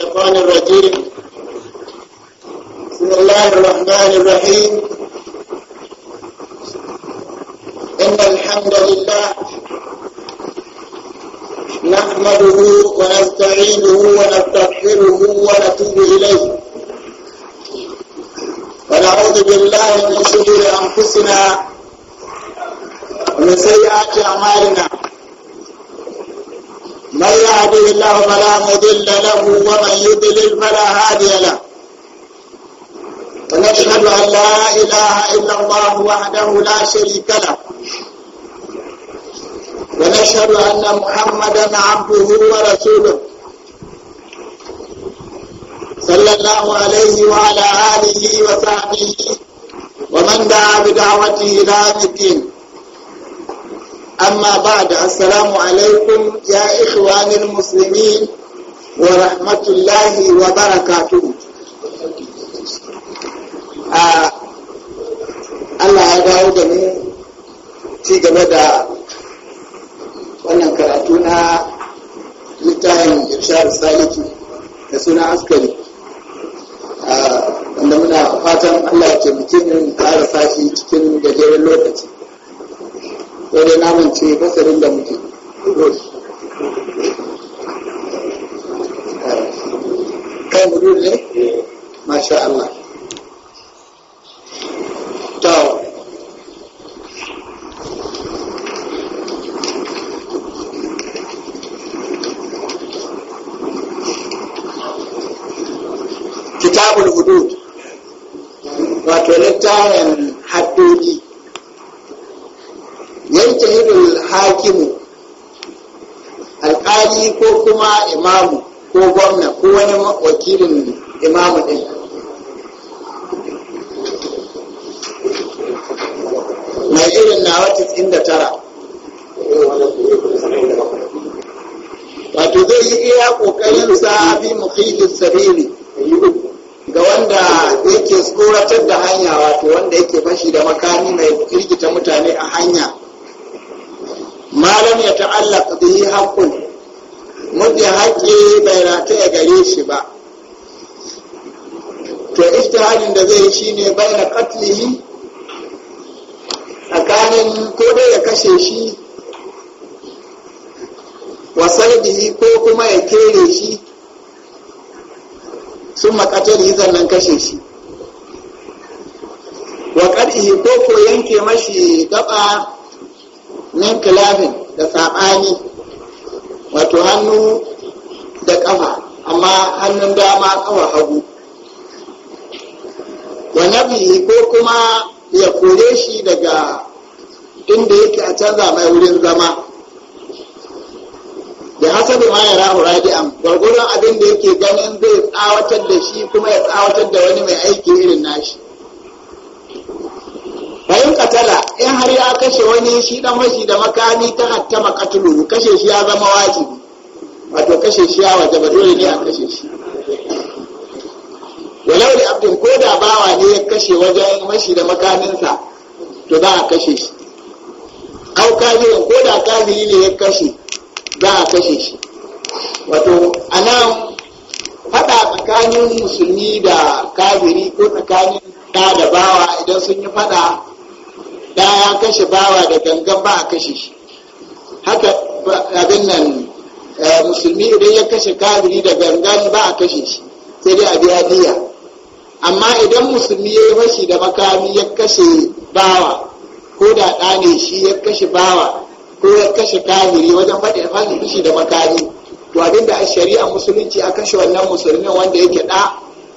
الشيطان الرجيم بسم الله الرحمن الرحيم إن الحمد لله نحمده ونستعينه ونستغفره ونتوب إليه ونعوذ بالله من شرور أنفسنا ومن سيئات أعمالنا من يهده الله فلا مضل له ومن يضلل فلا هادي له ونشهد أن لا إله إلا الله وحده لا شريك له ونشهد أن محمدا عبده ورسوله صلى الله عليه وعلى آله وصحبه ومن دعا بدعوته إلى الدين أما بعد السلام عليكم يا إخوان المسلمين ورحمة الله وبركاته آه الله يدعو mu ci gaba da wannan karatu na littafin irshar saliki da suna askari wanda muna fatan allah ya taimake mu ƙara safe cikin gajeren lokaci sai dai namun ce fasarin da muke kan mudu ne eh. masha Allah to wakilin imamu ɗin mai irin wata inda tara wato zai yi iya sa bi mukhilin sabili ga wanda yake tsoratar da hanya wato wanda yake bashi da makami mai kirgita mutane a hanya shine baina qatlihi tsakanin ko dai ya kashe shi wa ko kuma ya kere shi sun yi zannan kashe shi wa ƙarfi ko ko yanke mashi gaba min kilafin da saɓani wato hannu da ƙafa amma hannun dama ƙawa hagu wa ko kuma ya kore shi daga inda yake a canza mai wurin zama da hasabi ma ya rahu radi'an gwargwaron abin da yake ganin zai tsawatar da shi kuma ya tsawatar da wani mai aiki irin nashi bayan katala in har ya kashe wani shi dan mashi da makami ta hatta makatulu kashe shi ya zama wajibi wato kashe shi ya wajaba dole ne a kashe shi Walauri da abdin ko da bawa ne ya kashe wajen mashi da makaminsa to za a kashe shi au kafirin ko da kafiri ne ya kashe za a kashe shi wato a nan faɗa tsakanin musulmi da kafiri ko tsakanin ɗa da bawa idan sun yi faɗa da ya kashe bawa da gangan ba a kashe shi haka abin nan eh, musulmi idan ya kashe kafiri da gangan ba a kashe shi sai dai a biya diya amma idan musulmi ya yi fashi da makami ya kashe bawa ko da ɗa ne shi ya kashe bawa ko ya kashe kafiri wajen faɗi fashi fashi da makami to abinda a shari'a musulunci a kashe wannan musulmin wanda yake ɗa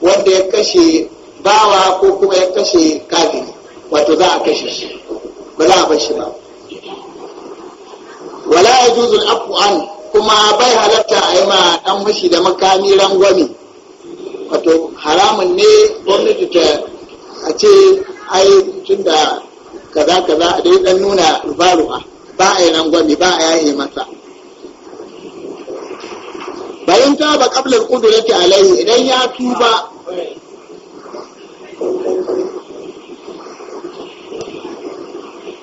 wanda ya kashe bawa ko kuma ya kashe kafiri, wato za a kashe shi ba za a fashi ba wala ya juzul kuma bai halatta a yi ma ɗan fashi da makami rangwame wato haramun ne gwamnati ta a ce ai tun da kaza kaza a dai dan nuna rubaruwa ba a yi rangwami ba a yayi masa bayan ta ba kablar kudurati alaihi idan ya tuba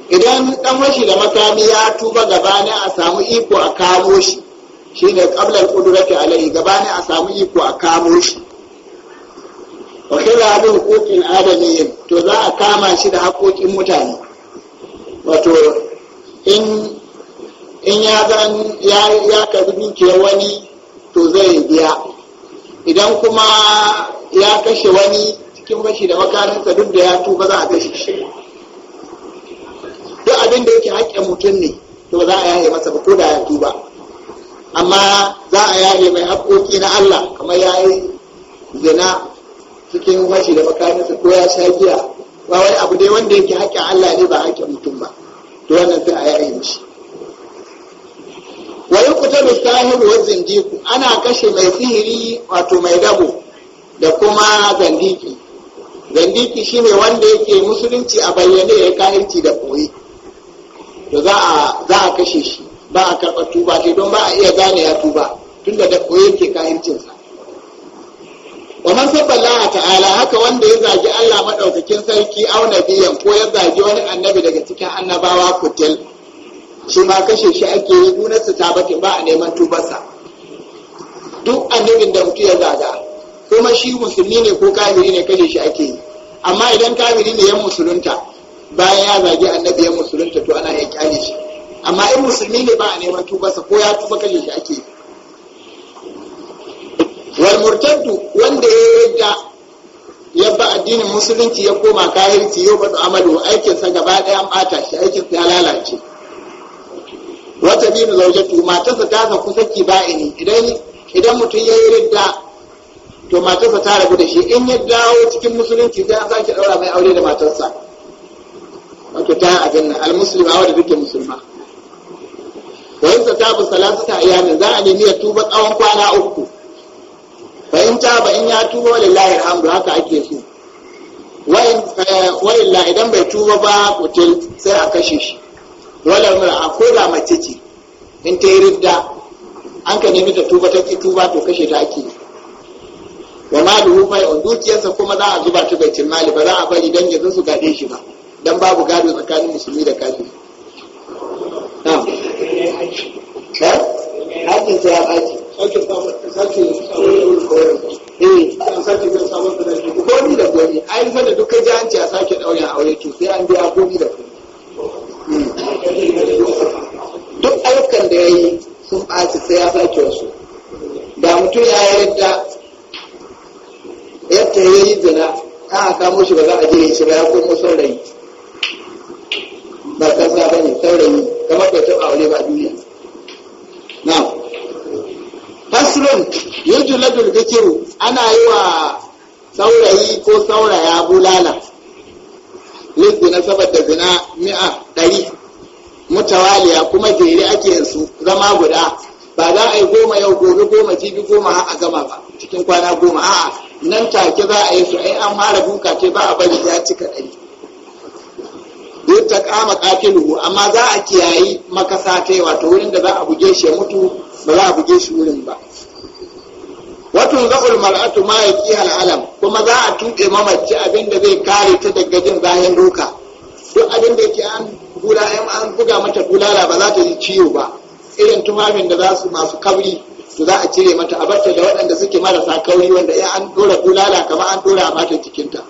idan dan washi da makami ya tuba ne a samu iko a kamo shi shine kablar kudurati alaihi ne a samu iko a kamo shi wakila abin hukukin adami to za a kama shi da haƙoƙin mutane wato in ya zan ya karbi wani to zai biya idan kuma ya kashe wani cikin bashi da makarinsa duk da ya tuba za a kashe shi duk abin da yake haƙƙin mutum ne to za a yaye masa ba ko da ya tuba amma za a yaye mai haƙoƙi na Allah kamar yayi zina cikin mashi da makamansa ko ya sha giya ba wai abu dai wanda yake haƙƙin Allah ne ba haƙƙin mutum ba to wannan sai a yi mishi wa yuqtalu sahiru wa zindiku ana kashe mai sihiri wato mai dabo da kuma zandiki zandiki shine wanda yake musulunci a bayyane ya kahirci da koyi to za a za a kashe shi ba a karɓa tuba sai don ba a iya gane ya tuba tunda da koyi yake kahircinsa wa man saballaha ta'ala haka wanda ya zagi Allah madaukakin sarki aw nabiyan ko ya zagi wani annabi daga cikin annabawa kutil shi ma kashe shi ake yi gunar su ta bakin ba a neman tubarsa duk annabin da mutu ya zaga kuma shi musulmi ne ko kafiri ne kashe shi ake yi amma idan kafiri ne ya musulunta bayan ya zagi annabi ya musulunta to ana iya kyale shi amma in musulmi ne ba a neman tubarsa ko ya tuba kashe shi ake yi wal murtaddu wanda addinin musulunci ya koma kahirci yau ba amalu aikinsa gaba ɗaya an ɓata shi aikinsa ya lalace wata biyu zaujatu matarsa ta saku saki ba'ini idan idan mutum ya yi ridda to matarsa ta rabu da shi in ya dawo cikin musulunci ta an sake ɗaura mai aure da matarsa wato ta abin nan almusulma wadda take musulma wa yin ta bu salatu ta iyali za a nemi ya tuba tsawon kwana uku fahimta ba in ya tuba wa lillahi alhamdu haka ake so wa'illa eh, idan bai tuba ba kutil sai a kashe shi wala mura a koda mace ce in ta yi ridda an ka nemi ta tuba ta ki tuba to kashe ta ake wa maluhu mai on dukiyarsa kuma za a zuba ta bai mali ba za a bari dan yanzu su gaɗe shi ba dan babu gado tsakanin musulmi da kafiri na'am eh hajjin sai ya baci ake samun eh. da duka a sake ɗaurin aure to sai an da hmm. duk da ya yi sun ɓaci sai ya sake wasu da mutum ya yarda yadda ya yi a kamo shi ba za a je shi ba ya komo saurayi ba ba ne saurayi kamar bai taɓa aure ba duniya ya yujladul dhikru ana yi wa saurayi ko sauraya bulala na saboda zina mi'a ɗari mutawaliya kuma jere ake su zama guda ba za a yi goma yau gobe goma jibi goma a gama ba cikin kwana goma a'a nan take za a yi su ai an mara duka ce ba a bari ya cika ɗari duk ta kama luhu. amma za a kiyayi makasa kai wato wurin da za a buge shi ya mutu ba za a buge shi wurin ba watun za'ul mar'atu ma yaqiha al'alam kuma za a tuke mamaci abin da zai kare ta daga jin zahin ruka duk abinda da yake an hula an buga mata bulala ba za ta yi ciwo ba irin tumamin da za su masu kauri to za a cire mata a da waɗanda suke marasa kauri wanda ya an dora bulala kamar an dora a cikinta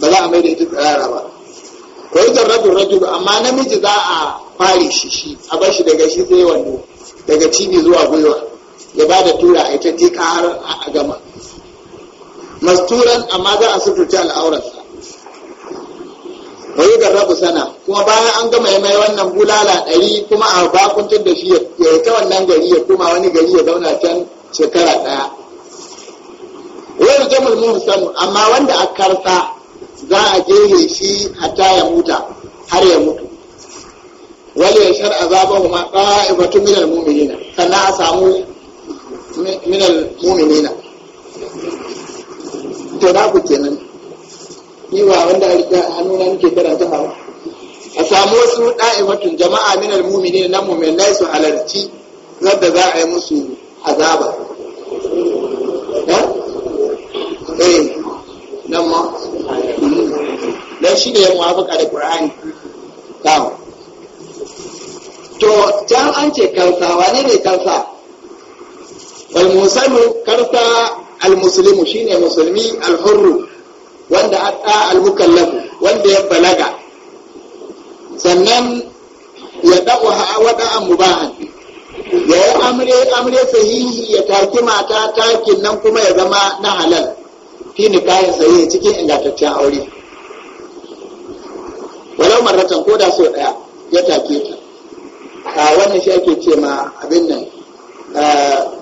ba za a mai da ita tsirara ba ko yi zarrabin rajulu amma namiji za a fare shi shi a bar shi daga shi sai wando daga cibi zuwa gwiwa ya ba da tura a ita tika har a gama masturan amma za a suturta al'aurarsa wai da rabu sana kuma bayan an gama ya mai wannan bulala ɗari kuma a bakuntar da shi ya ta wannan gari ya kuma wani gari ya zauna can shekara ɗaya wani mun sanu, amma wanda a karsa za a jere shi hatta ya muta har ya mutu wale ya shar'a zabahu ma ɗa'ibatu minal mu'minina sannan a samu min al-mu'minina to na ku kenan ni ba wanda alika hannuna nake karanta hawa a samu wasu da'imatun jama'a min al-mu'minina na mu'minai su halarci yadda za a yi musu azaba eh, eh nan ma dan shi ne ya muwafaka da qur'ani kawo to can an ce kansa wane ne kansa wal musallu karta al muslimu shine musulmi al hurru wanda hatta al wanda ya balaga sannan ya da'u ha wada'an mubahan ya yi amre amre sahihi ya taki mata takin nan kuma ya zama na halal fi kayan sahihi cikin ingantaccen aure walau marratan ko da so daya ya take ta a wannan shi ake ce ma abin nan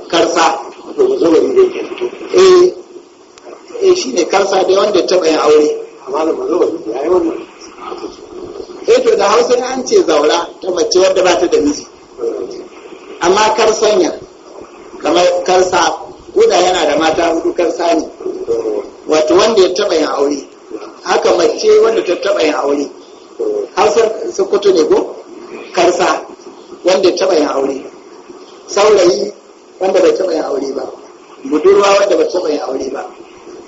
karsa to zawari zai ke fito eh eh shine karsa dai wanda ya bayan yin aure amma da zawari ya yi wannan eh to da hausa an ce zaura ta mace wadda ba ta da miji amma karsanya kamar karsa koda yana da mata hudu karsa ne wato wanda ya taba yin aure haka mace wanda ta taba yin aure hausa sokoto ne ko karsa wanda ya taba yin aure saurayi wanda bai taɓa yin aure ba budurwa wanda bai taɓa yin aure ba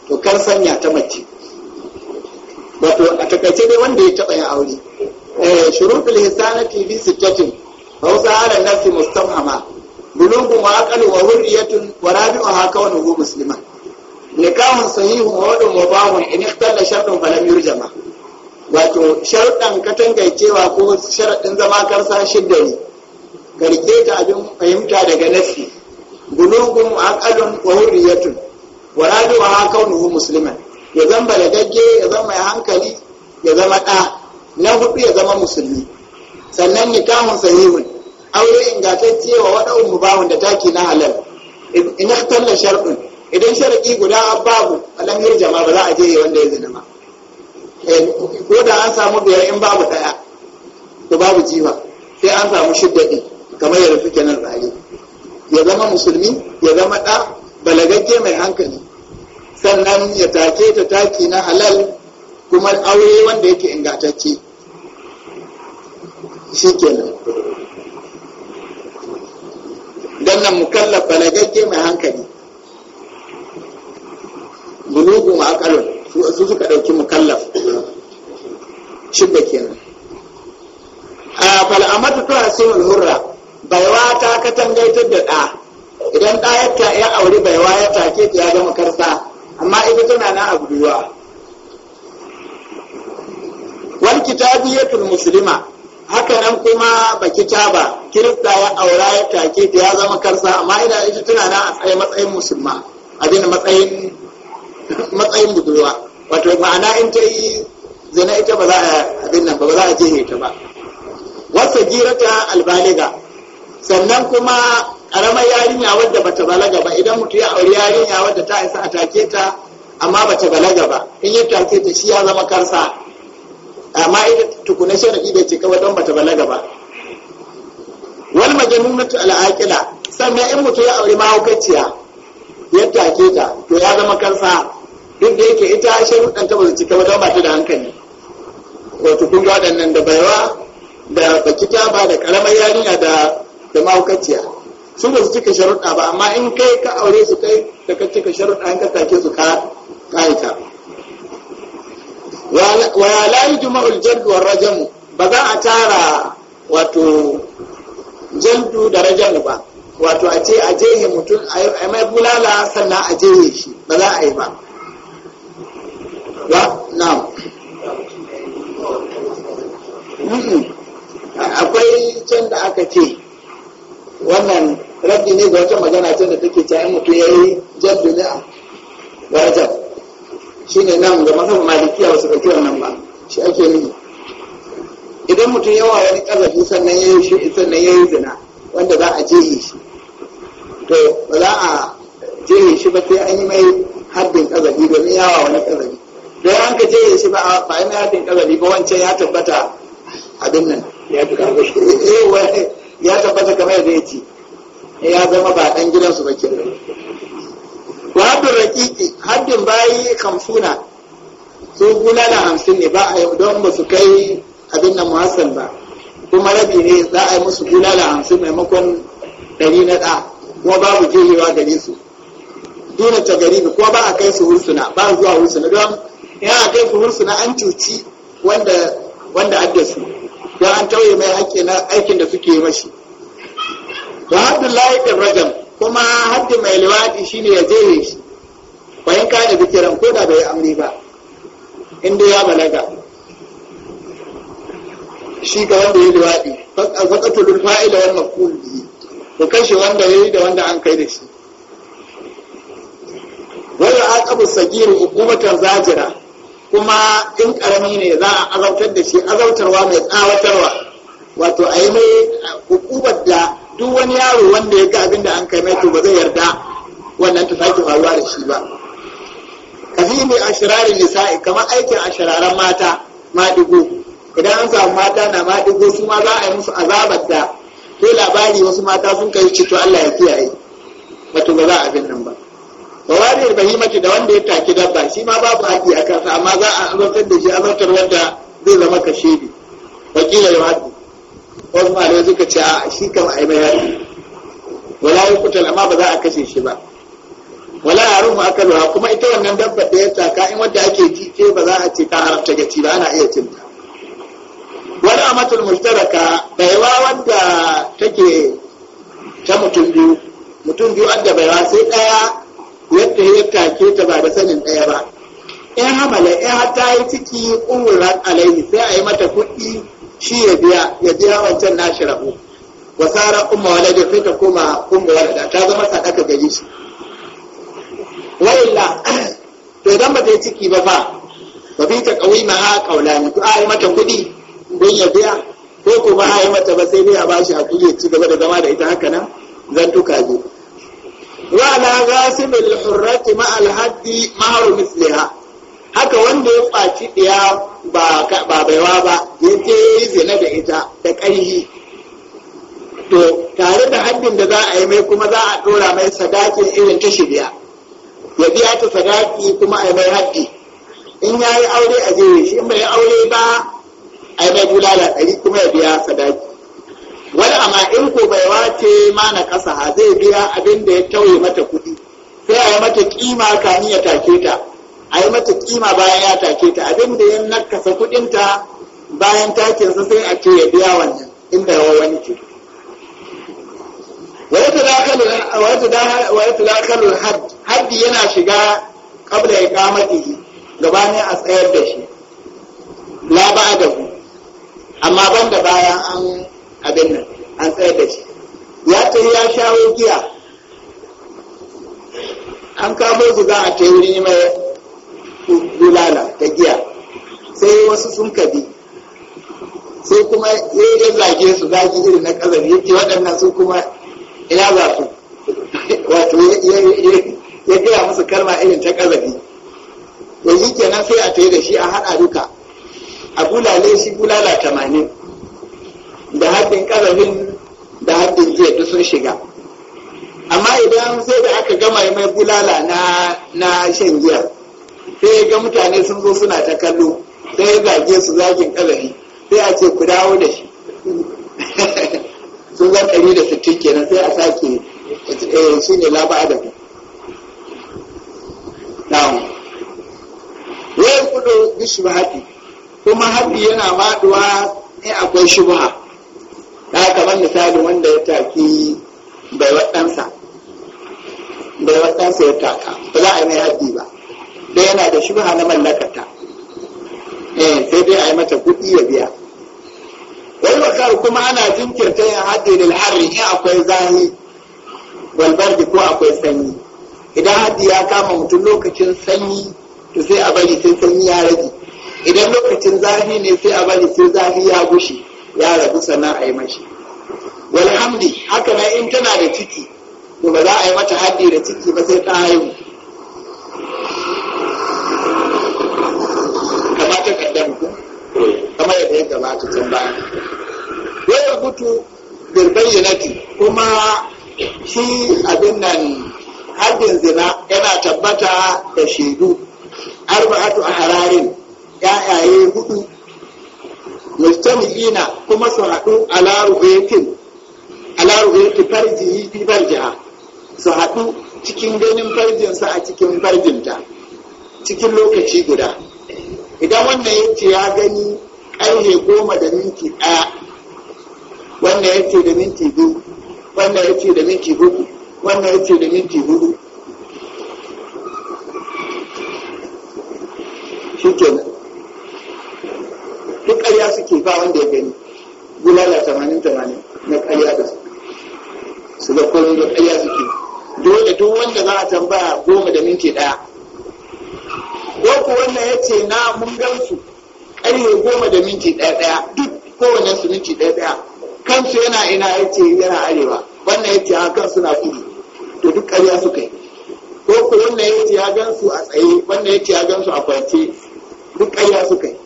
to kan sanya ta mace wato a takaice dai wanda ya taɓa yin aure eh shurutul hisanati bi sittatin aw sa'ala nafsi mustamhama bulugu wa aqal wa hurriyatun wa rabi'uha kawnuhu musliman nikahun sahihun wa wadun wa bahun in ikhtalla shartun falam yurjama wato sharɗan katangaicewa ko sharaɗin zama karsa shidda ne garke ta abin fahimta daga nasi. bulugun aqalun wa hurriyatun wa haka kaunuhu musliman ya zama balagagge ya zama ya hankali ya zama ɗa na hudu ya zama musulmi sannan ni kamun sahihun aure ingantacce wa waɗau mubahun da taki na halal in talla sharɗin idan sharaɗi guda babu alam jama'a ba za a je wanda ya zina ma eh, ko da an samu biyar in babu ɗaya to babu jiwa sai an samu shidda ɗin kamar yadda suke nan rayu ya zama musulmi ya zama ɗa balagagge mai hankali sannan ya take ta taki na halal kuma aure wanda yake ingatacce shi kenan don nan mukallaf balagagge mai hankali bulugun akalun su suka ɗauki mukallaf shidda kenan a fal'amatu ta hasirin hurra baiwa ta katangaitar da ɗa idan ɗa ya ya auri baiwa ya take ta ya zama karsa amma ita tana na abu biyuwa kitabi ya musulima haka nan kuma baki ba kirista ya aura ya take ta ya zama karsa amma idan ita tana na a tsaye matsayin musulma abin matsayin matsayin budurwa wato ma'ana in ta yi zina ita ba za a abin nan ba za a jihe ta ba wasa girata albaliga sannan kuma ƙaramar yarinya wadda bata balaga ba idan mutu ya auri yarinya wadda ta isa a take ta amma bata balaga ba in yi take ta shi ya zama karsa amma ita tukuna sharaɗi da cika don bata balaga ba wal majnunatu al aqila sannan in mutu ya auri mahaukaciya ya take ta to ya zama karsa duk da yake ita sharuɗan ta ba cika don bata da hankali wato kun ga waɗannan da baiwa da kitaba da ƙaramar yarinya da da mahaukaciya su da su cika sharuɗa ba amma in kai ka aure su kai da ka cika sharuɗa an ka take su ka ƙa'ita wa ya layi juma jaldu wa rajamu ba za a tara wato jaldu da rajamu ba wato a ce a jehe mutum a mai bulala sannan a jehe shi ba za a yi ba ba na akwai can da aka ce wannan rabbi ne ga wata magana ce da take ta yin mutum ya yi jaddu ne a darajar shi ne nan ga masar malikiya wasu ɗauki wannan ba shi ake nufi idan mutum yawa wani ƙazafi sannan ya yi shi sannan ya yi zina wanda za a jehe shi to ba za a jehe shi ba sai an yi mai haddin ƙazafi domin yawa wani ƙazafi don an ka jehe shi ba a yi mai haddin ƙazafi ba wancan ya tabbata abin nan ya fi ƙarfi ya tabbata kamar yadda ya ce eh, ya zama ba dan gidansu ba kenan wa haddun raƙiƙi haddin bayi kamsuna su gulala hamsin ne ba a don ba su kai abin nan muhassan ba kuma rabi ne za a yi musu gulala hamsin maimakon ɗari na ɗa kuma babu jihewa gare su duna ta gari kuma ba a kai su hursuna ba zuwa hursuna don ya a kai su hursuna an cuci wanda wanda ya an tauye mai haƙƙi na aikin da suke mashi wa abdullahi layiƙin rajam kuma haddi mai shi shine ya je shi bayan ka da bikiran ko da bai amri ba inda ya balaga shi ga wanda ya liwadi faqatul fa'ila wal kuli ko kashe wanda ya yi da wanda an kai da shi wala aqabu sagiru hukumatar zajira kuma in karami ne za a azautar da shi azautarwa mai tsawatarwa wato a yi mai hukumar da duk wani yaro wanda ya ga abin da an kai mai to ba zai yarda wannan ta sake faruwa da shi ba kazimi a shirarin nisa'i kamar aikin a mata maɗigo idan an samu mata na maɗigo su ma za a yi musu azabar da ko labari wasu mata sun kai to Allah ya kiyaye wato ba za a abin nan ba wa wani bahimati da wanda ya take dabba shi ma babu haƙi a kansa amma za a azartar da shi azartar wanda zai zama kashe bi wakila ya haɗu wasu malamai suka ce a shi kam a yi mai haɗu wala ya kutal amma ba za a kashe shi ba wala aka akaluha kuma ita wannan dabba da ya taka in wanda ake ji ce ba za a ce ta haramta gaci ba ana iya cin ta wani amatul bai baiwa wanda take ta mutum biyu mutum biyu adda baiwa sai ɗaya yadda ya take ta ba da sanin ɗaya ba in hamala ya ta yi ciki umuran alaihi sai a yi mata kuɗi shi ya biya ya biya wancan nashi rabu wasara umma walada sai ta koma umma da, ta zama sadaka gari shi wa'illa to idan ba ta yi ciki ba fa ba fi ta kawai ma ha kaulani to a yi mata kuɗi don ya biya ko kuma a yi mata ba sai dai a bashi hakuri ya ci gaba da zama da ita haka nan zan tuka biyu wala ghasim al-hurrati ma al-haddi mahru misliha haka wanda ya kwaci ɗiya ba ba baiwa ba yace zina da ita da ƙarhi to tare da haddin da za a yi mai kuma za a ɗora mai sadakin irin ta shirya ya biya ta sadaki kuma a yi haddi in ya yi aure a jere shi in bai aure ba a yi mai bulala ɗari kuma ya biya sadaki wani amma in ko bai wace ma na kasa ha zai biya abin da ya tauye mata kuɗi sai a yi mata kima kamin ya take ta a yi mata kima bayan ya take ta abin da ya nakasa kuɗinta bayan sa sai a ce ya biya wannan in bai wa wani ce wa yatadakhalu al-hadd haddi yana shiga kama iqamatihi gabanin a tsayar da shi la da amma banda bayan an abin nan an tsayar da shi ya ce ya shawo giya an kamo su za a wuri mai bulala ta giya sai wasu sun kabi sai kuma ya zage su zagi irin na kazar yake waɗannan su kuma ina za su wato ya gaya musu kalma irin ta kazafi yanzu kenan sai a yi da shi a haɗa duka a bulale shi bulala tamanin da haƙƙin ƙazafin da haƙƙin jiya ta sun shiga amma idan sai da aka gama mai bulala na shan giya sai ya ga mutane sun zo suna ta kallo sai ya zage su zagin ƙazafi sai a ce ku dawo da shi sun zan ɗari da sittin kenan sai a sake eh, shi ne laba da ku wai kudu bi haɗi. kuma haɗi yana maɗuwa ne akwai shubha Na kamar misali wanda ya taki bai waɗansa bai waɗansa ya taka ba za a yi mai haddi ba da yana da shi na mallakata eh sai dai a yi mata kuɗi ya biya wani wakar kuma ana jinkirta yin haddi da lahari in akwai zahi walbardi ko akwai sanyi idan haddi ya kama mutum lokacin sanyi to sai a bari sai sanyi ya rage idan lokacin zafi ne sai a bari sai zafi ya gushe ya rabu sannan a yi mashi walhamdi haka nan in tana da ciki to ba za a yi mata haddi da ciki ba sai ta haihu kamata kaddamu ko kama yadda ya gabata can ba ya rubutu bilbayyanati kuma shi abin nan haddin zina yana tabbata da shaidu arba'atu a hararin yayaye hudu mujtami'ina kuma su haɗu ala ru'ayatin ala ru'ayati farjihi fi farjiha su haɗu cikin ganin farjinsa a cikin farjinta cikin lokaci guda idan wannan ce ya gani ƙarfe goma da minti ɗaya wannan ce da minti biyu wannan yace da minti huɗu wannan yace da minti huɗu. ba wanda ya gani gulala tamanin tamanin na karya da su su da komai da ƙarya suke dole duk wanda za a tambaya goma da minti ɗaya ko ku wannan ya ce na mun gansu ƙarfe goma da minti ɗaya ɗaya duk kowane su minti ɗaya ɗaya kansu yana ina ya ce yana arewa wannan ya ce a kansu na kudu to duk ƙarya suka yi ko ku wannan ya ce ya gansu a tsaye wannan ya ce ya gansu a kwance duk ƙarya suka yi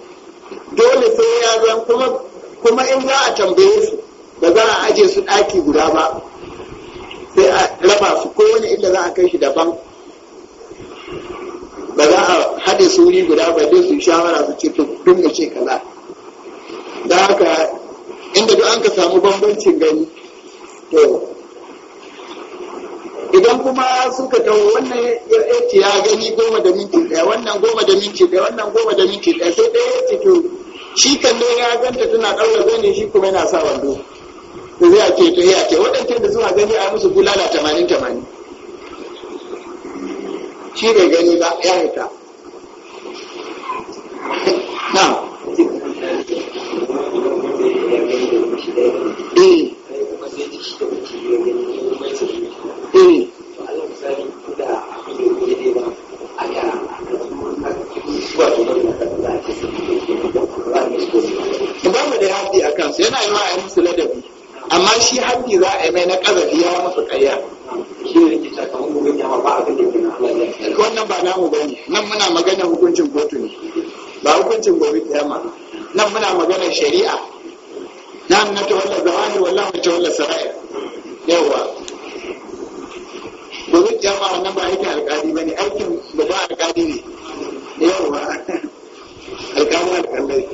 dole sai ya zan kuma kuma in za a tambaye su ba za a aje su ɗaki guda ba sai a raba su ko wani inda za a kai shi daban ba za a haɗe su wuri guda ba dai su shawara su ce to dun da ce kaza da haka inda duk an ka samu bambancin gani to idan kuma suka taho wannan ya ya gani goma da minti ɗaya wannan goma da minti ɗaya wannan goma da minti ɗaya sai ɗaya ya ce to shi kalle ya ganta tana ɗaura ne shi kuma yana sa wando ko zai ce to ya ce waɗancan da suna gani a musu bulala tamanin tamanin shi bai gani ba ya hita na mutane na kazafi ya musu ƙarya wannan ba namu ba ne nan muna magana hukuncin kotu ne ba hukuncin gobe kiyama nan muna magana shari'a nan na tawalla zawani wallahu ta tawalla sarai yawa gobe kiyama wannan ba aikin alƙali ba ne aikin babban alƙali ne yawa alƙali alƙalai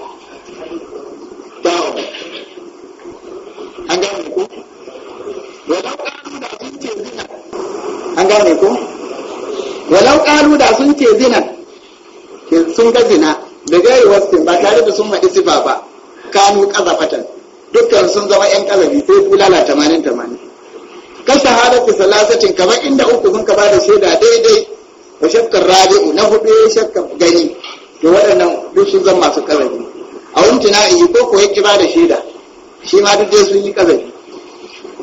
ne ko walau ƙalu da sun ce zina sun ga zina da gari wasu ba tare da sun maɗi sifa ba kanu ƙazafatan dukkan sun zama 'yan ƙazafi sai bulala tamanin tamanin ka shahadatu salasatin kamar inda uku sun kaba da shaida daidai wa shakkar rabi'u na hudu ya shakkar gani da waɗannan duk sun zama masu ƙazafi a wuntuna iyi ko ko ya da shaida shi ma duk dai sun yi ƙazafi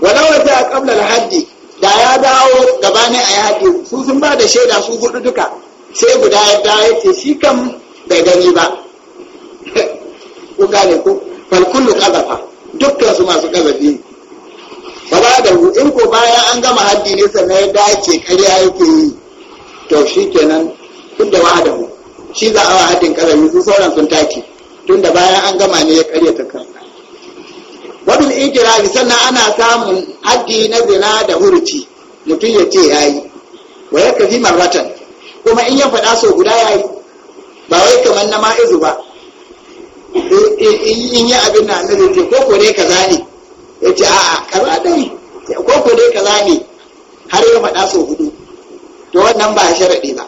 walau wata a ƙablar hajji da ya dawo gabanin a yi su sun ba da shaida su hudu duka sai guda ya dawo ya ce shi kan bai gani ba ku gane ku falkullu kazafa dukkan su masu kazafi ne ba da in ko bayan an gama haddi ne sannan ya dace karya yake yi to shi kenan duk da hu shi za a wa haddin kazafi su sauran sun take tun da bayan an gama ne ya karya ta kan wabil inkirari sannan ana samun haddi na zina da huruci mutum ya ce ya yi wa ya kafi marratan kuma in ya faɗa sau guda ya yi ba wai kamar na ma'izu ba eh, eh, in yi abin na annabi ce ko ko ka za ne ya ce a'a kaza dai ko ko ka za ne har ya faɗa sau hudu to wannan ba sharaɗi ba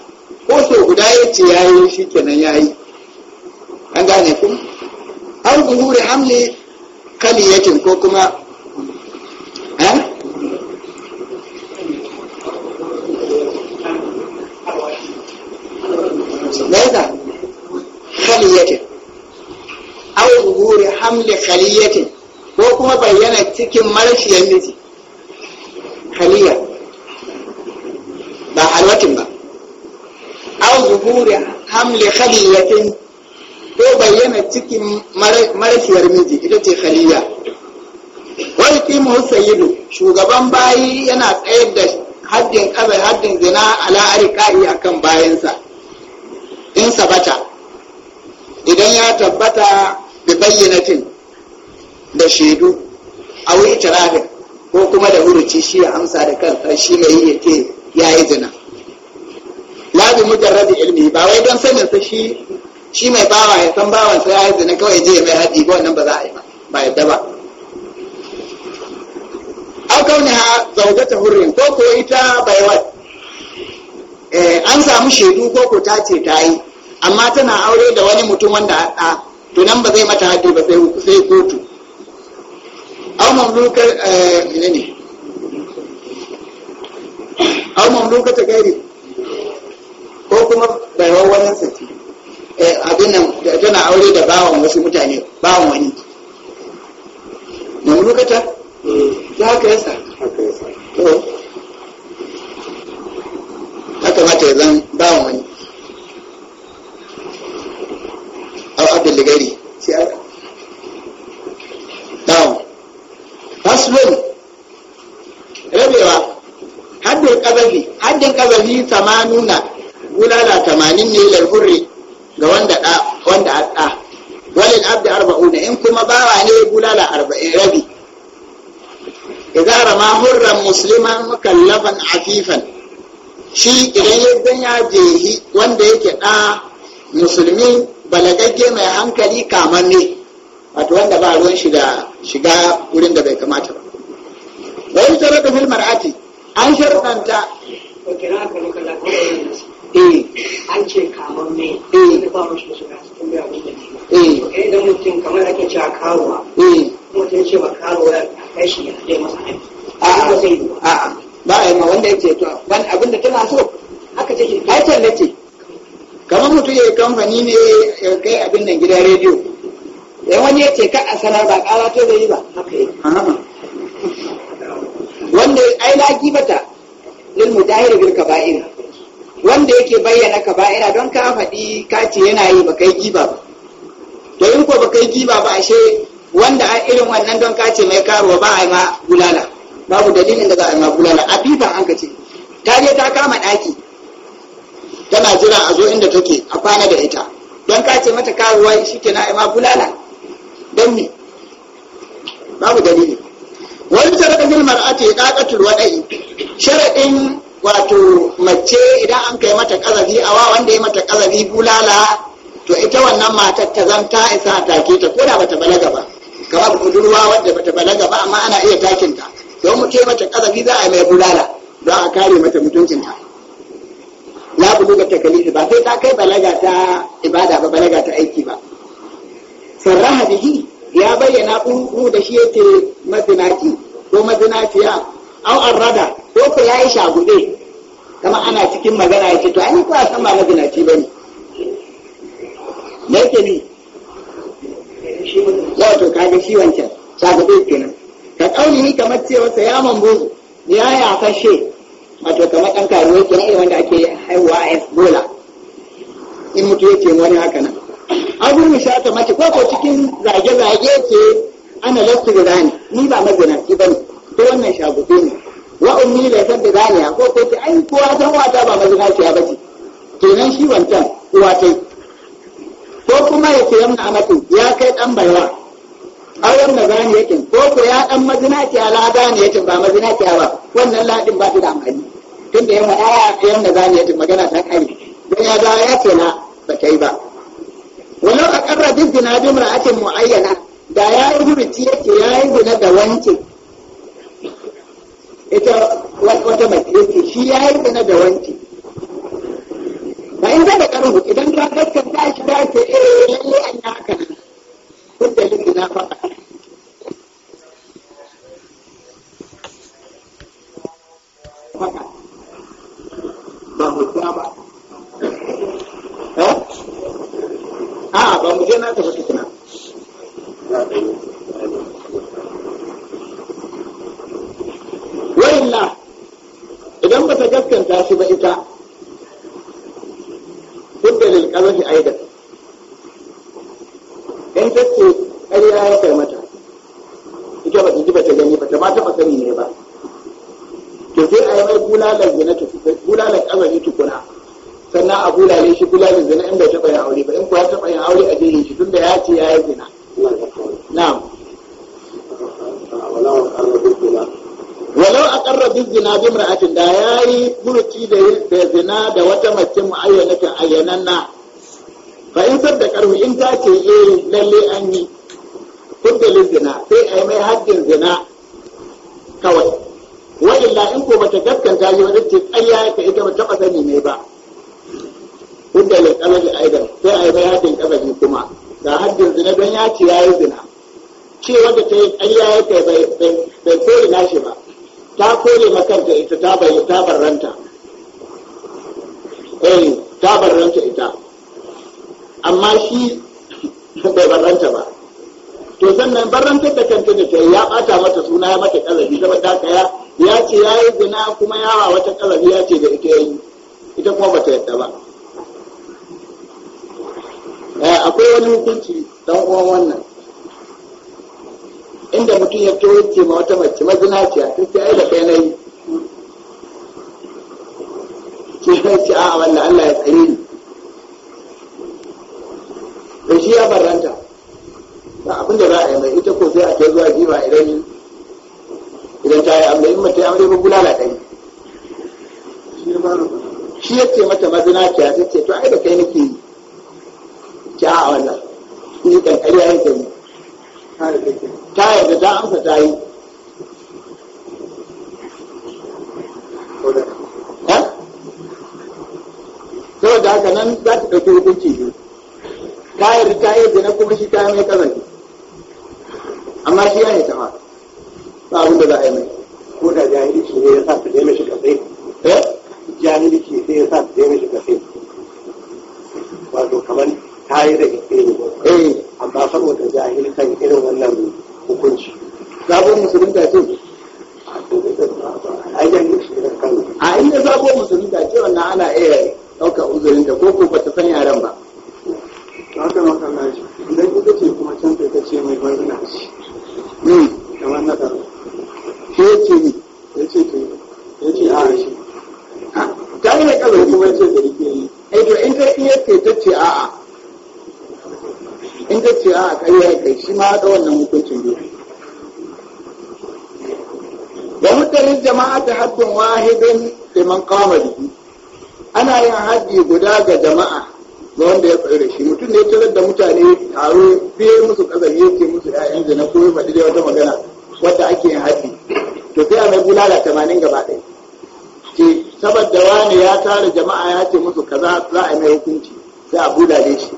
ko sau guda ya ce ya yi shi kenan ya yi an gane kuma har zuhuri hamli kaliyatin ko kuma Laisa khaliyatin aw zuhuri hamli khaliyatin ko kuma bayyana cikin marashiyar miji Kaliya ba halwatin ba aw zuhuri hamle khaliyatin ko bayyana cikin marashiyar miji ita ce khaliya wani kimu sayyidu shugaban bayi yana tsayar da haddin kaza haddin zina ala a kan bayansa in sabata idan ya tabbata da bayyanatin da shaidu a wuri tarafin ko kuma da huruci shi ya amsa da kansa shi mai yi yake ya yi zina labi mujarrabi ilmi ba wai don sanin sa shi shi mai bawa ya san bawan sai ya zina kawai je mai haɗi ba wannan ba za a yi ba yadda ba au kauniha zaujata hurrin ko ko ita baiwat eh, an samu shaidu ko ko ta ce ta yi amma tana aure da wani mutum wanda a to nan ba zai mata haɗi ba sai kotu au mamlukar eh, ne aw mamluka ta gari ko kuma baiwar wani sati Eh, abin nan tana aure da bawan wasu mutane bawan wani mamlukata za eh. ka yasa haka mata ya zan bawan wani au abdul gari bawan faslun rabewa haddin kazafi haddin kazafi tamanuna gulala tamanin ne lalhurri ga wanda da wanda adda walil abdi arba'una in kuma bawa ne bulala arba'in rabi idza ma hurran musliman mukallafan afifan shi idan ya dan ya jehi wanda yake ɗa, musulmi balagagge mai hankali kamar ne wato wanda ba ruwan shi da shiga wurin da bai kamata ba wani tsara da filmar ati an sharuɗanta Eh. an ce kamar ne. da eh. ba rushe su ga cikin biya abin da ne ba eh. idan mutum kamar ake cewa karuwa mutum ce ba karuwa ya kai shi ya je masa aiki a ba zai yi ba ba a yi ma wanda ya ce to wani abin da tana so haka ce shi ai tallace kamar mutum ya yi kamfani ne ya kai abin nan gidan rediyo yan wani ya ce ka a sanar ba kara to zai yi ba wanda ai na gibata lil mujahir bil kaba'ir wanda yake bayyana ka ba'ira don ka faɗi ka ce yana yi ba kai giba ba to in ko ba kai giba ba ashe wanda a irin wannan don ka ce mai karuwa ba a yi ma bulala babu dalilin da za a yi ma bulala a bifan an ka ce ta je ta kama ɗaki tana jira a zo inda take a kwana da ita don ka ce mata karuwa shi ke na ma bulala don me babu dalili wani tare da filmar ake ɗaƙatul waɗai sharaɗin wato mace idan an kai mata kazabi awa wanda ya mata kazabi bulala to ita wannan matar ta zan ta isa a take ta koda bata balaga ba kamar budurwa wadda bata balaga ba amma ana iya takin ta don mutum mata kazabi za a mai bulala za a kare mata mutuncin ta la buluga takalifi ba sai ta kai balaga ta ibada ba balaga ta aiki ba sarraha Hadihi ya bayyana uru da shi yake mazinaki ko mazinaciya au Rada, ko ko yi shagude kama ana cikin magana ce, to ai ko a san ba mazinaci bane me yake ni ka ga shi wancan shagude kenan ka ni kamar cewa wata ya mambo ya ya kashe wato kamar ɗan karuwa ke irin wanda ake haihuwa a S-Bola. in mutu ya ce wani haka nan abun misha ta mace ko ko cikin zage-zage ce ana lasu gudani. ni ba mazinaci ba ne ko wannan shaguɗi ne wa ummi la san da zaniya ko ko ce ai kowa san wata ba mazinaciya ya ce kenan shi wancan uwa ce ko kuma yake ce yamna amatu ya kai dan baiwa auren na zani yakin ko ko ya dan mazinaciya la zani yakin ba mazinaciya ba wannan ladin ba ta da amfani tunda yamma ya yamna zani yakin magana ta kare dan ya da ya ce na ba ta yi ba walau a karra bizina bi mar'atin muayyana da ya yi hurci yake ya yi gina da wanke ita wata mai yake shi ya yi zina da wanki ba in da karu idan ka ta shi da ce eh yi an yi haka nan kudda liki na faɗa eh? ba mu je na wa'illa idan ba ta gaskanta shi ba ita duk da lilƙazafi aida in ta ce ƙarya ya kai mata ita ba ta ji ba ta gani ba ta ma taɓa sani ne ba to sai a yi mai bulalar zina bulalar tukuna sannan a bulale shi bulalar zina in bai taɓa yin aure ba in kuwa taɓa yin aure a jirin shi tunda ya ce ya yi zina na'am zina bi mar'atin da yayi mulki da zina da wata mace ayyanan na. fa in saddaqahu in ta ce eh lalle an yi kudda zina sai ai mai haddin zina kawai wa illa in ko bata gaskanta yi wani ce ƙarya ka ita ba taɓa sani ne ba kudda lil da aidan sai ai mai haddin qalbi kuma da haddin zina don ya ce yayi zina ce wanda ta yi ƙarya ya kai bai bai ko ina shi ba ta kone makanta ita ta barranta eh ta barranta ita amma shi bai barranta ba to sannan barrantar da kanta da ta ya bata mata suna ya mata kazafi saboda kaya ya ce ya yi zina kuma ya hawa wata kalabi ya ce da ita ya yi ita kuma bata yadda ba eh, akwai wani hukunci dan uwan wannan inda mutum ya to yace ma wata mace mazinaciya ta ce ai da kai na yi ce ce a wanda Allah ya tsare ni da shi ya barranta ba abin da za a yi mai ita ko sai a kai zuwa jima idan idan ta yi amma in mata ya amre ba bulala ɗari shi ya ce mata mazinaciya ta ce to ai da kai nake yi ta amsa ta yi saboda haka nan za ta ɗauki hukunci biyu ta yi ta yi na kuma shi ta mai kazanci amma shi ya yi sama ba abin da za a yi mai ko da jahilci ne ya sa su daina shi kasai eh jahilci ne ya sa su daina shi kasai wato kamar ta yi da kasai ne eh. amma saboda jahilci irin wannan hukunci zabo musulun da ce a inda zabo musulun da ce wannan ana iya ɗauka uzurin da koko ba ta san yaren ba. kyauta ga jama'a ga wanda ya tsare da shi mutum ne tarar da mutane taro biye musu kasar yake musu ƴaƴan zina ko ya faɗi da wata magana wadda ake yin haɗi to sai a mai bulala tamanin gaba ɗaya ke saboda wani ya tara jama'a ya ce musu kaza za a mai hukunci sai a bulale shi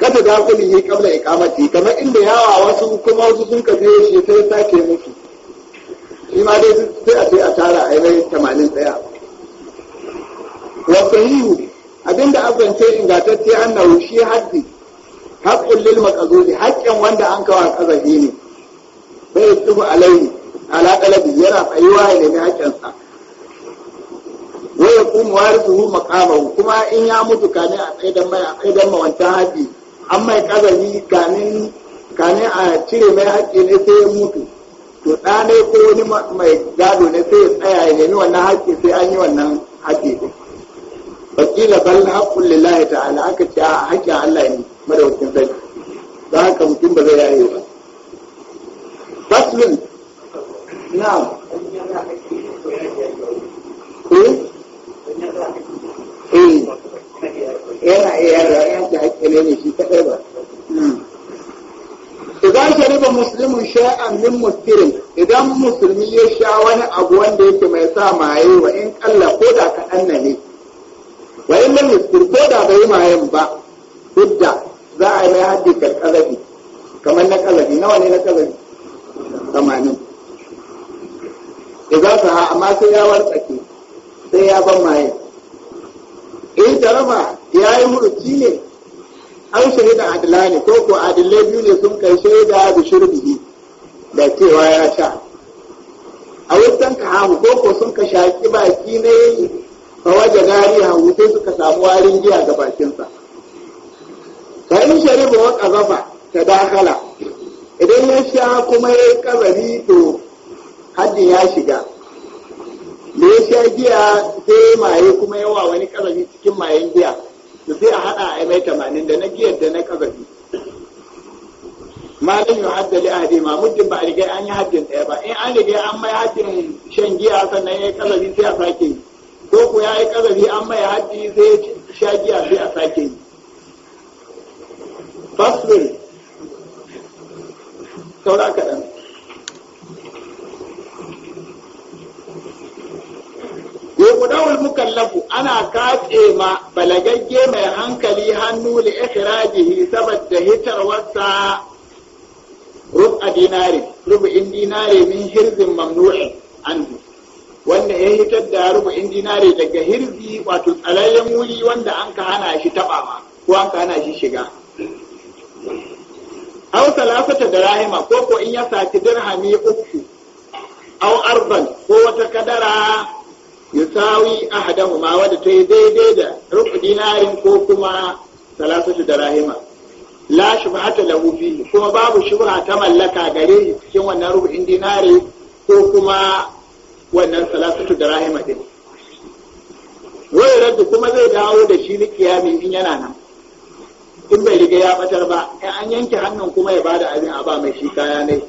kada da hakuli yi kamla ikamati kamar inda yawa wasu kuma wasu sun ka biyo shi sai sake musu shi ma dai sai a sai a tara a mai tamanin ɗaya wa sahihu abinda azance ingantacce annahu shi haddi haqqul lil maqdudi haqqin wanda an kawo kazafi ne sai tubu alaihi ala qalbi yana tsayuwa ne ne haqqin sa wa yaqumu warithuhu maqamahu kuma in ya mutu kane a tsaidan mai a tsaidan ma wancan haƙi an mai kazafi kanin kane a cire mai haƙƙi ne sai ya mutu to ɗa ne ko wani mai gado ne sai ya tsaya ya nemi wannan haƙƙi sai an yi wannan haƙƙi. wakila bal haqqul lillahi ta'ala aka ce a haƙƙin Allah ne madaukakin sarki don haka mutum ba zai yaye ba faslun na'am eh yana iya rayuwa ta haƙƙi ne shi kadai ba idan shariba muslimun sha'an min muskirin idan musulmi ya sha wani abu wanda yake mai sa maye wa in kalla ko da kaɗan na ne wa in lam yuskur ko da bai mayan ba da za a yi haddi ka kalabi kamar na kalabi nawa ne na kalabi tamanin idan ha amma sai ya wartsake sai ya ban mayan in jaraba ya yi muruci ne an shahida adila ne ko ko adilai biyu ne sun kai shaida da shirbihi da cewa ya sha a wutan ka hamu ko ko sun ka shaki baki ne fawaje gariya wuce suka samu warin giya ga bakinsa ka in sharibu wa kazafa ta dakala idan ya sha kuma ya yi to haddin ya shiga da ya sha giya sai maye kuma yawa wani kazari cikin mayen giya to sai a hada a mai tamanin da na giyar da na kabari malin yau hadda li ahadi ma muddin ba a riga an yi haddin daya ba in an riga an mai haddin shan giya sannan ya yi sai a sake yi ko ya yi kazari an mai haji zai shagi a sai a sake yi fasbir saura kaɗan yaqdawul mukallafu ana katse ma balagagge mai hankali hannu li ikhrajihi saboda hitarwarsa rub'a dinari rub'in dinari min hirzin mamnu'in anhu wanda ya hitar da rubu'in dinare daga hirzi wato tsalayen wuri wanda an ka hana shi taɓawa ko an ka hana shi shiga aw talafata da rahima ko ko in ya saci dirhami uku aw arban ko wata kadara yusawi ma wadda ta yi daidai da rubu dinarin ko kuma talafata da rahima la shubhata lahu fihi kuma babu shubha ta mallaka gare shi cikin wannan rubu'in dinare ko kuma wannan salasatu da rahima din wai raddu kuma zai dawo da shi ni kiyami in yana nan in bai riga ya batar ba in an yanke hannun kuma ya bada abin a ba mai shi kaya ne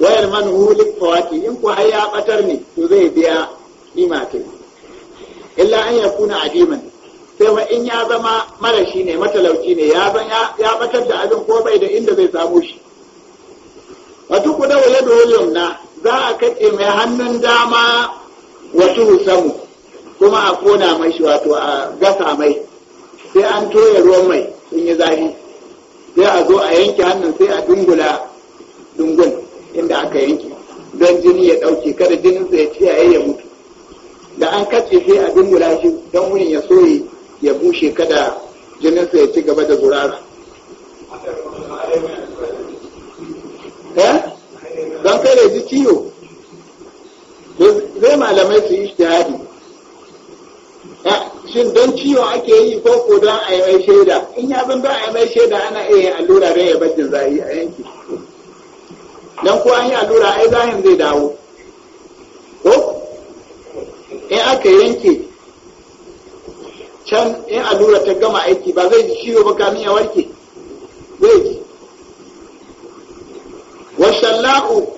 wayar man hulik fawaki in ku batar ne to zai biya kima ta illa an ya kuna adiman sai ma in ya zama marashi ne matalauci ne ya ya batar da abin ko bai da inda zai samu shi wa ku da wala na za a kace mai hannun dama wasu samu kuma a kona mai shi wato a gasa mai sai an toye ruwan mai sun yi zafi sai a zo a yanke hannun sai a dungula dungun inda aka yanke don jini ya ɗauke kada jininsa ya ciyaye ya mutu da an kace sai a dungula shi don wurin ya soye ya bushe kada jininsa ya ci gaba da zurara. Eh? don kare ji ciwo zai malamai su yi shahadi shin don ciwo ake yi ko ko don a yi mai shaida in ya zan don a yi mai shaida ana iya yin allura don ya bacin za a yanki don ko an yi allura ai zahin zai dawo ko in aka yanke can in allura ta gama aiki ba zai ji ciwo ba kamin ya warke zai ji shalla'u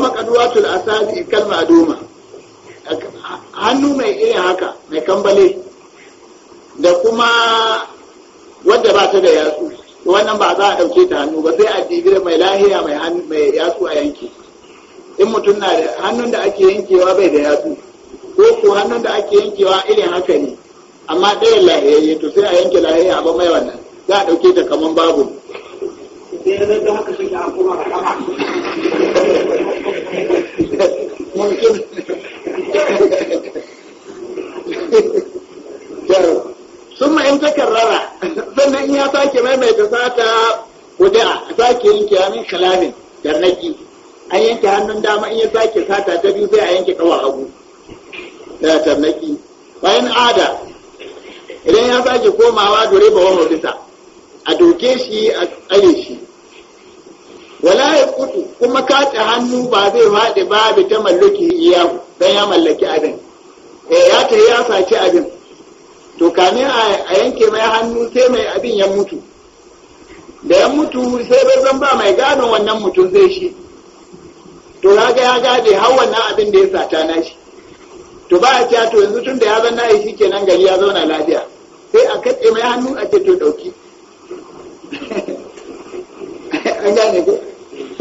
wa kaduwatul asali kal ma'duma hannu mai irin haka mai kambale da kuma wadda ba ta da yatsu wannan ba za a ɗauke ta hannu ba sai a digire mai lahiya mai yatsu a yanki in mutum na da hannun da ake yankewa bai da yatsu ko ko hannun da ake yankewa irin haka ne amma ɗaya lahiyayye to sai a yanke lahiya ba mai wannan za a ɗauke ta kaman babu haka a Sun ممكن ثم إن تكرر ثم إن يأتاك ما يتساتى ودع ساكي yanke من kalamin درنكي an yanke hannun dama in ya sake sata ta biyu sai a yanke kawa hagu da tarnaki bayan ada idan ya sake komawa dore ba wani bisa a doke shi a tsaye shi wala ya kutu kuma kaɗe hannu ba zai faɗi ba bi ta mallaki iyahu don ya mallaki abin eh ya ta ya saci abin to kamin a yanke mai hannu sai mai abin ya mutu da ya mutu sai bai zan ba mai gano wannan mutum zai shi to ya ga ya gade har wannan abin da ya sata na shi to ba a cewa to yanzu tun da ya zan na shi kenan gari ya zauna lafiya sai a kaɗe mai hannu a ce to ɗauki an gane ko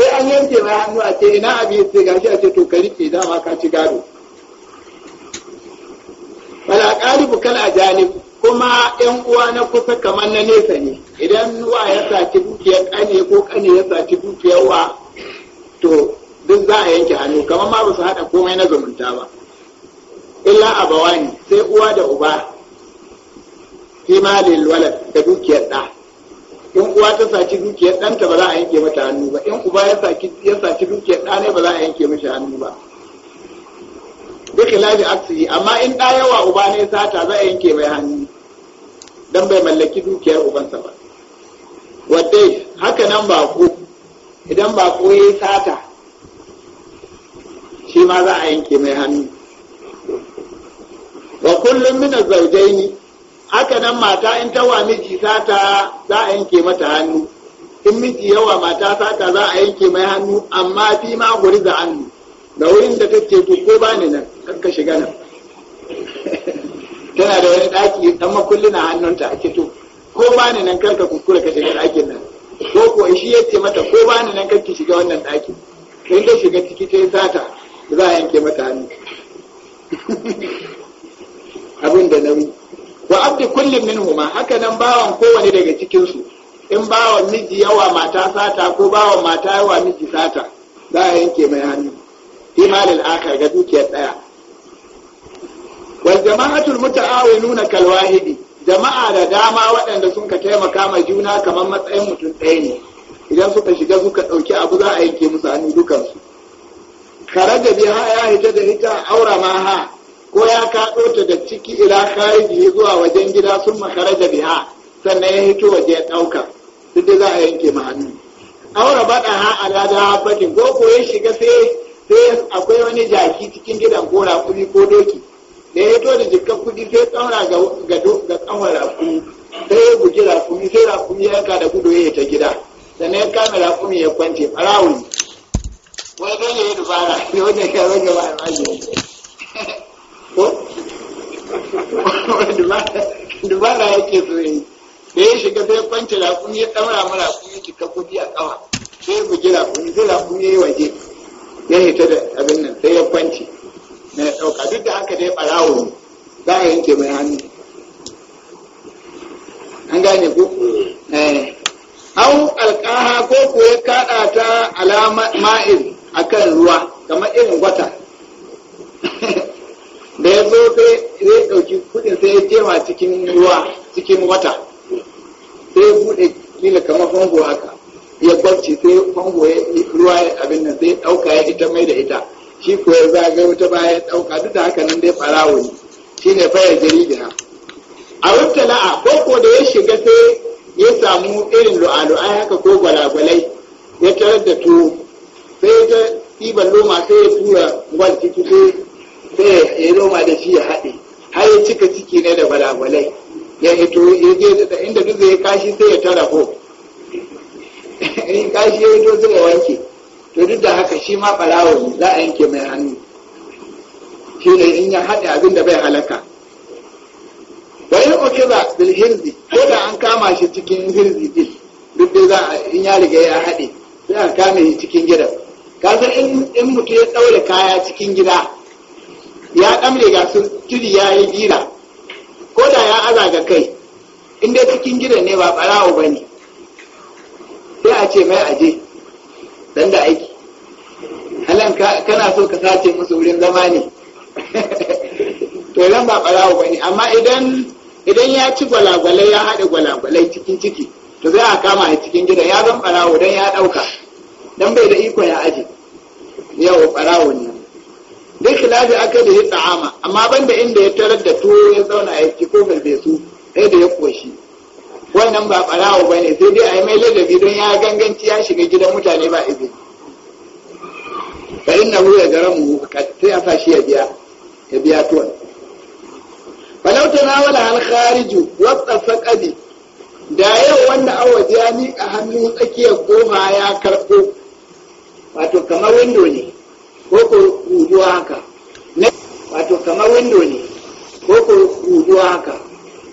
sai an yanke mai hannu a ce ina abi ce gashi a ce to ka rike dama ka ci gado wala qalibu kal ajanib kuma yan uwa na kusa kamar na nesa ne idan uwa ya saci dukiyar kane ko kane ya saci dukiyar wa to duk za a yanke hannu kamar ma ba su haɗa komai na zumunta ba illa abawani sai uwa da uba fi malil walad da dukiyar ɗa in uwa ta saci dukiyar ɗanta ba za a yanke mata hannu ba in uba ya saci ya saki dukiyar ɗa ne ba za a yanke mishi hannu ba duka lafi aksiri amma in ɗa yawa uba ne sata za a yanke mai hannu dan bai mallaki dukiyar ubansa ba wadda haka nan ba ko, idan ko ya sata shi ma za a yanke mai hannu wa kullum mina zaujaini haka nan mata in ta wa miji sata za a yanke mata hannu in miji yawa mata sata za a yanke mai hannu amma fi ma guri da hannu da wurin da take to ko ba ni nan ka shiga nan tana da wani daki dan makulli na hannunta ake to ko ba ni nan karka kuskura ka shiga dakin nan ko ko shi yace mata ko ba ni nan karki shiga wannan daki in ta shiga ciki ta sata za a yanke mata hannu abin da nauyi wa abdi kullum minhuma haka nan bawan kowane daga cikin su in bawan miji yawa mata sata ko bawan mata yawa miji sata za a yanke mai hannu imalil akar ga dukiyar daya wal jama'atul muta'awinuna kal wahidi jama'a da dama waɗanda sun ka taimaka ma juna kamar matsayin mutum ɗaya ne idan suka shiga suka ɗauki abu za a yanke musu hannu dukansu Ka da biya ya hita da hita aura ma ha ko ya kaɗo ta da ciki ila khariji zuwa wajen gida sun makara da biha sannan ya hito waje ya ɗauka duk da za a yanke ma hannu aura baɗa ha ala da habbatin ko ko ya shiga sai sai akwai wani jaki cikin gidan ko raƙumi ko doki da ya hito da jikka kuɗi sai tsaura ga ga tsawon raƙumi sai ya guji raƙumi sai raƙumi ya yanka da gudu ya ta gida sannan ya kame raƙumi ya kwance ɓarawuni wai gane ya dubara ne wajen ya rage ba a ko dubara yake so yi da ya shiga sai kwanci rakumi ya ɗaura mu rakumi cika kudi a kawa sai ya bugi rakumi sai rakumi ya yi waje ya hita da abin nan sai ya kwanci na ya ɗauka duk da haka dai ɓarawo ne za a yanke mai hannu an gane ku Hau eh. alƙaha ko ko ya kaɗa ta alama ma'il akan ruwa kamar irin gwata da ya zo sai ya ɗauki kuɗin sai ya jewa cikin ruwa cikin wata sai ya buɗe kila kamar fango haka ya gwabci sai fango ya ruwa abin nan sai ya ɗauka ya ita mai da ita shi ko ya zaga wata baya ya ɗauka duk da haka nan dai farawo ne shi ne fayar jarida. a wata la'a ko ko da ya shiga sai ya samu irin lu'alu'ai haka ko gwalagwalai ya tarar da tuwo sai ya ta ɗiban loma sai ya tura gwal ciki sai sai eh, ya yi noma da shi ya haɗe har ya cika ciki ne da balagwalai ya hito ya je da inda duk zai kashi sai ya tara ko in kashi ya hito sai ya wanke to duk da haka shi ma ɓarawo ne za a yanke mai hannu shi ne in ya haɗe abin da bai halaka bayan okiza bil hirzi ko da an kama shi cikin hirzi din duk dai za a in ya riga ya haɗe sai a kame shi cikin gidan kaga in mutum ya ɗaure kaya cikin gida ya ɗamre ga sun turi ya yi gira ko da ya aza ga kai in dai cikin gidan ne ba barawo ba ne sai a ce mai aje dan da aiki halan kana so ka sace musu wurin zama ne to nan ba barawo ba ne amma idan idan ya ci gwalagwalai ya haɗa gwalagwalai cikin ciki to zai a kama a cikin gidan ya zan barawo don ya ɗauka don bai da iko ya aje yau barawo ne dai khilafi aka da yi ta'ama amma banda inda ya tarar da tuwo ya zauna ya ci ko su, sai da ya koshi wannan ba barawo ba ne sai dai a yi mai ladabi don ya ganganci ya shiga gidan mutane ba izini ba inna hu ya mu sai a sa shi ya biya ya biya tuwon falau tanawala al khariju wata tsafaqadi da yau wanda awaje ya mika hannu tsakiyar goma ya karɓo wato kamar windo ne ko ko hujuwa haka wato kamar window ne ko ko hujuwa haka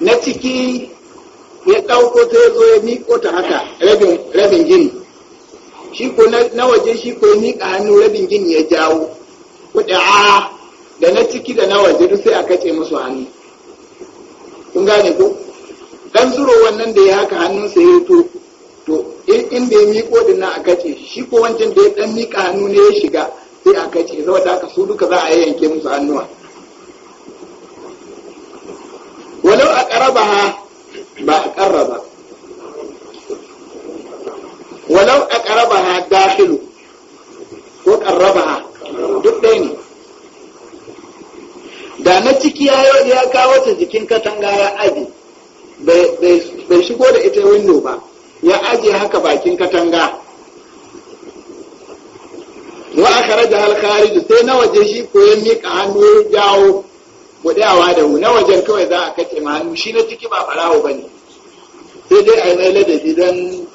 na ciki ya ɗauko ta ya zo ya miƙo ta haka rabin gini shi ko na waje shi ko ya miƙa hannu rabin gini ya jawo a da na ciki da na waje duk sai a kace musu hannu kun gane ko dan zuro wannan da ya haka hannunsa ya to to inda ya miƙo din nan a kace shi ko wancan da ya dan miƙa hannu ne ya shiga sai a kai ciki saboda haka su duka za a yanke musu hannuwa walau a ƙaraba ha ba a ƙarraba walau a ƙaraba ha dahilu ko ƙarraba ha duk ɗaya ne da na ciki ya kawo ta jikin katanga ya aji bai shigo da ita windo ba ya aje haka bakin katanga akara da halkari sai na waje shi ko ya miƙa hannu ya jawo buɗewa da mu na wajen kawai za a kace ma hannu shi na ciki ba farawo ba ne sai dai a yi da ladabi don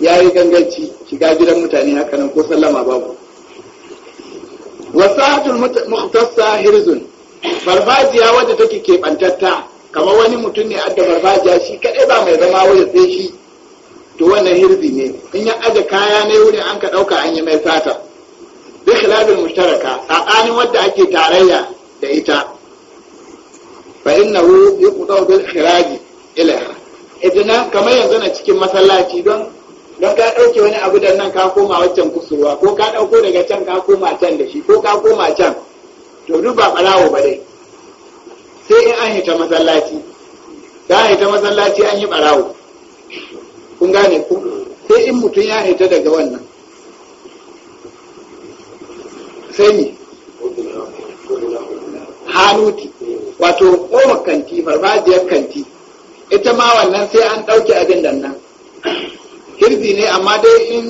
ya yi ganganci shiga gidan mutane haka nan ko sallama babu wasahatul muhtassa hirzun barbajiya wadda take keɓantatta kamar wani mutum ne adda barbajiya shi kaɗai ba mai zama wajen sai shi to wannan hirzi ne in ya aje kaya ne wurin an ka ɗauka an yi mai sata bi khilafin mushtaraka tsakanin wadda ake tarayya da ita fa innahu yuqta bil khiraji ilaiha idan kamar yanzu na cikin masallaci don don ka dauke wani abu da nan ka koma waccan kusurwa ko ka ɗauko daga can ka koma can da shi ko ka koma can to duk ba ɓarawo ba dai sai in an hita masallaci da an hita masallaci an yi ɓarawo kun gane ku sai in mutum ya hita daga wannan sai ne wato koma kanti farfajiyar kanti ita ma wannan sai an ɗauke abin da nan kirzi ne amma dai in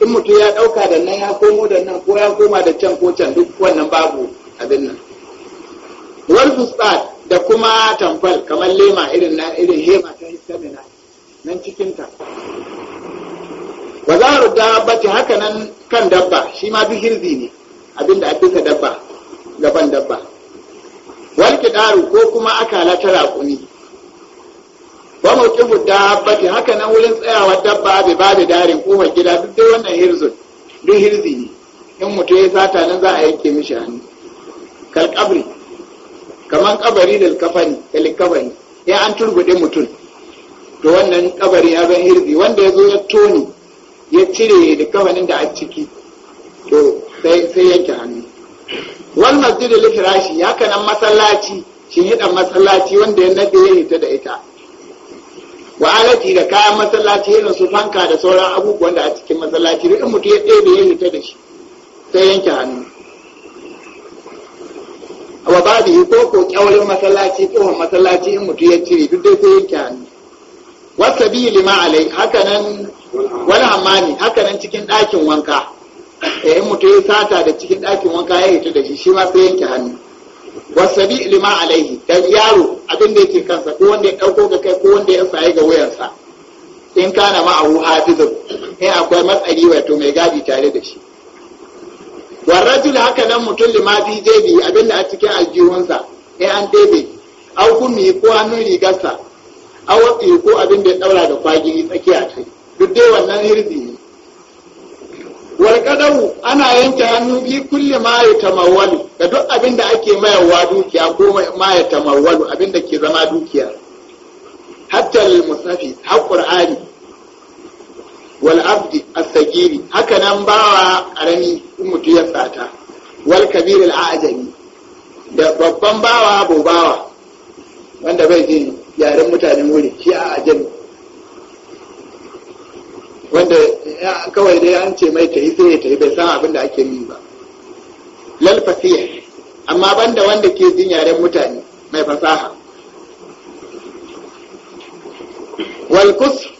in ya ɗauka da nan ya komo da nan ko ya koma da can ko can duk wannan babu abin nan wal da kuma tamfal kamar lema irin na irin hema ta hissamina nan cikinta wa za a haka nan kan dabba shi ma bi hirzi ne abinda ake ka dabba gaban dabba walki daru ko kuma aka akala ta raƙumi wa mawqifu dabbati haka nan wurin tsayawa dabba bai ba da darin kofar gida duk dai wannan hirzun duk hirzi ne in mutum ya sata nan za a yanke mishi hannu kal kabri kaman kabari da kafani da ya an turgude mutum to wannan kabari ya zan hirzi wanda ya zo ya toni ya cire da kafanin da a ciki to sai yanke hannu wal masjidu li ya kana masallaci shi hidan masallaci wanda ya nade ya hita da ita wa alati da kayan masallaci irin su fanka da sauran abubuwan da a cikin masallaci duk mutum ya da ya hita da shi sai yanke hannu wa babu ko ko kyaurin masallaci tsohon masallaci in mutum ya cire duk dai sai yanke hannu wasa biyu lima alai haka nan wani hammani haka nan cikin ɗakin wanka eh mutum ya sata da cikin ɗakin wanka ya hita da shi shi ma sai yanke hannu wasabi ilima alaihi dan yaro abin da yake kansa ko wanda ya ɗauko ga kai ko wanda ya saye ga wayarsa in kana ma'ahu hafizun in akwai matsari wato mai gadi tare da shi warrajul haka nan mutum lima bi jebi abin da a cikin aljihunsa in an debe au kunni ko hannun rigarsa au watsi ko abinda ya ɗaura da kwagi tsakiya ce duk dai wannan hirzi ne wal ana yanke hannu bi kulli ma yatamawwalu da duk abin da ake mayarwa dukiya ko ma yatamawwalu abin da ke zama dukiya hatta lil musafi har qur'ani wal abdi as-sagiri haka nan bawa Arani mutu ya sata wal kabir al ajami da babban bawa bobawa wanda bai ji yaren mutanen wuri shi a ajami wanda kawai dai an ce mai tayi sai ya bai san abin da ake yi ba lal fasih amma banda wanda ke jin yaren mutane mai fasaha wal kusur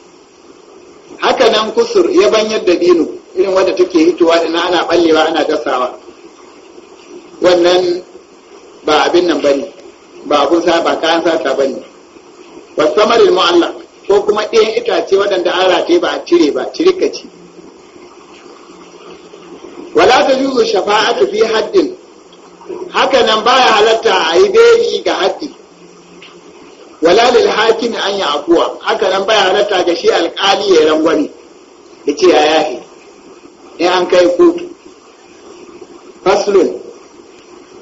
haka nan kusur ya banyar da dinu irin wanda take hitowa da ana ballewa ana dasawa wannan ba abin nan bane ba abun sa ba kayan sata bane wasu samarin mu'allaq ko kuma ɗayan itace waɗanda an rataye ba a cire ba cirika ci wala ta juzu shafa'atu fi haddin haka nan baya halatta a yi beli ga haddi wala lil hakimi an yi abuwa haka nan baya halatta ga shi alƙali ya rangwani Ya ce ya yahi in an kai kotu faslun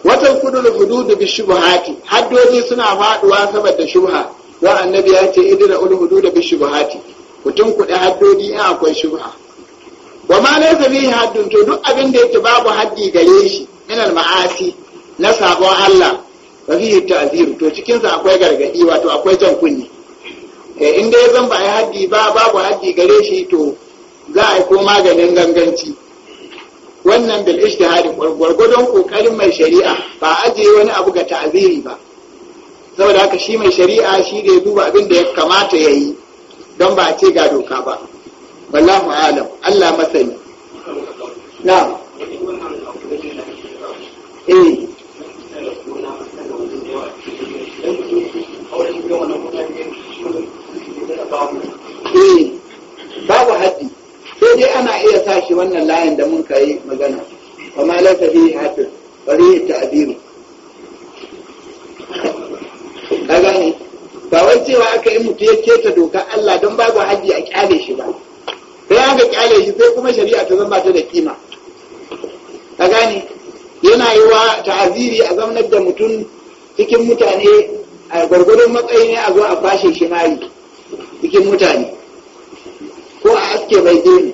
watan kudu da hududu bi shubhati haddoji suna faduwa saboda shubha wa annabi ya ce idira ul da bi shubuhati mutum kuɗi haddodi in akwai shubha wa ma laysa bihi haddun to duk abin da yake babu haddi gare shi min al ma'asi na sabon Allah wa fihi ta'zir to cikin sa akwai gargadi wato akwai jan kunni eh in dai zan ba ai haddi ba babu haddi gare shi to za a yi ko maganin ganganci wannan bil ijtihadi gwargwadon kokarin mai shari'a ba ajiye wani abu ga ta'ziri ba saboda haka shi mai shari'a shi da ya duba abin da ya kamata ya yi don ba a ce ga doka ba wallahu alam Allah masani na eh. eh babu haddi sai dai ana iya sa shi wannan layin da mun kai magana wa ma laisa fihi hadd bari ta'biru ka ba wai cewa aka yi mutu ya keta doka Allah don babu haji a kyale shi ba sai aka kyale shi sai kuma shari'a ta zama ta da kima ka yana yi wa ta'aziri a zamanar da mutum cikin mutane a gwargwadon matsayi ne a zo a bashe shi mari cikin mutane ko a aske mai gemi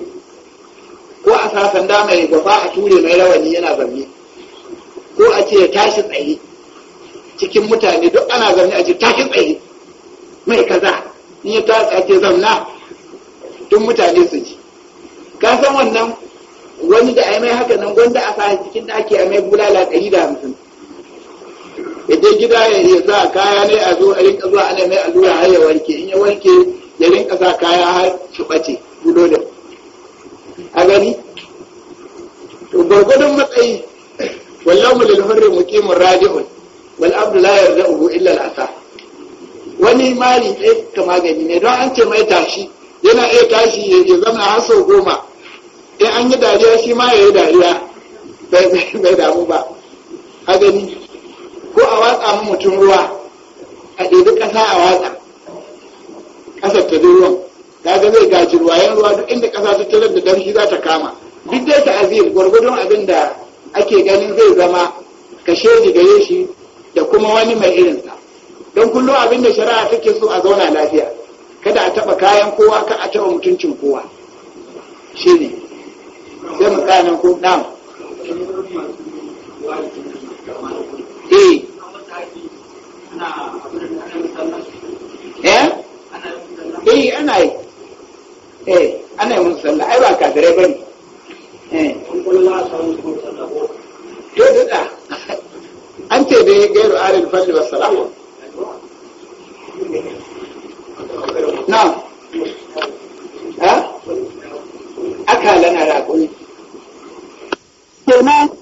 ko a sa sanda mai gaba a ture mai rawani yana zamne ko a ce ya tashi tsaye cikin mutane duk ana zaune a cikin tashi tsaye mai kaza in ya tashi ake zamna tun mutane su ji ka san wannan wani da ai mai haka nan gwanda a sa cikin da a mai bulala ɗari da hamsin idan gida ya sa kaya ne a zo a rinka zuwa ana mai allura har ya warke in ya warke ya rinka sa kaya har su ɓace gudo da a gani to gwargwadon matsayi wallahu lil hurri muqimin raji'un wal abdu la yarda illa al asa wani mari ɗaya ka magani ne don an ce mai tashi yana iya tashi ya zama har sau goma in an yi dariya shi ma ya yi dariya bai damu ba a gani ko a watsa mu mutum ruwa a ɗebi ƙasa a watsa ƙasar ta ruwan ta ga zai gaji ruwayen ruwa duk inda ƙasa ta tarar da damshi za ta kama duk dai ta azir gwargwadon abin da ake ganin zai zama kashe gare shi da kuma wani mai irinsa don kullum abin da shari'a take so a zauna lafiya kada a taba kayan kowa ka a taba mutuncin kowa shi ne sai mu kayan ko na'am eh eh eh ana yi eh ana yi musu sallah ai ba dare bane eh to da an ce dai gairu alil fadli wa salam na ha aka lana raƙuri kenan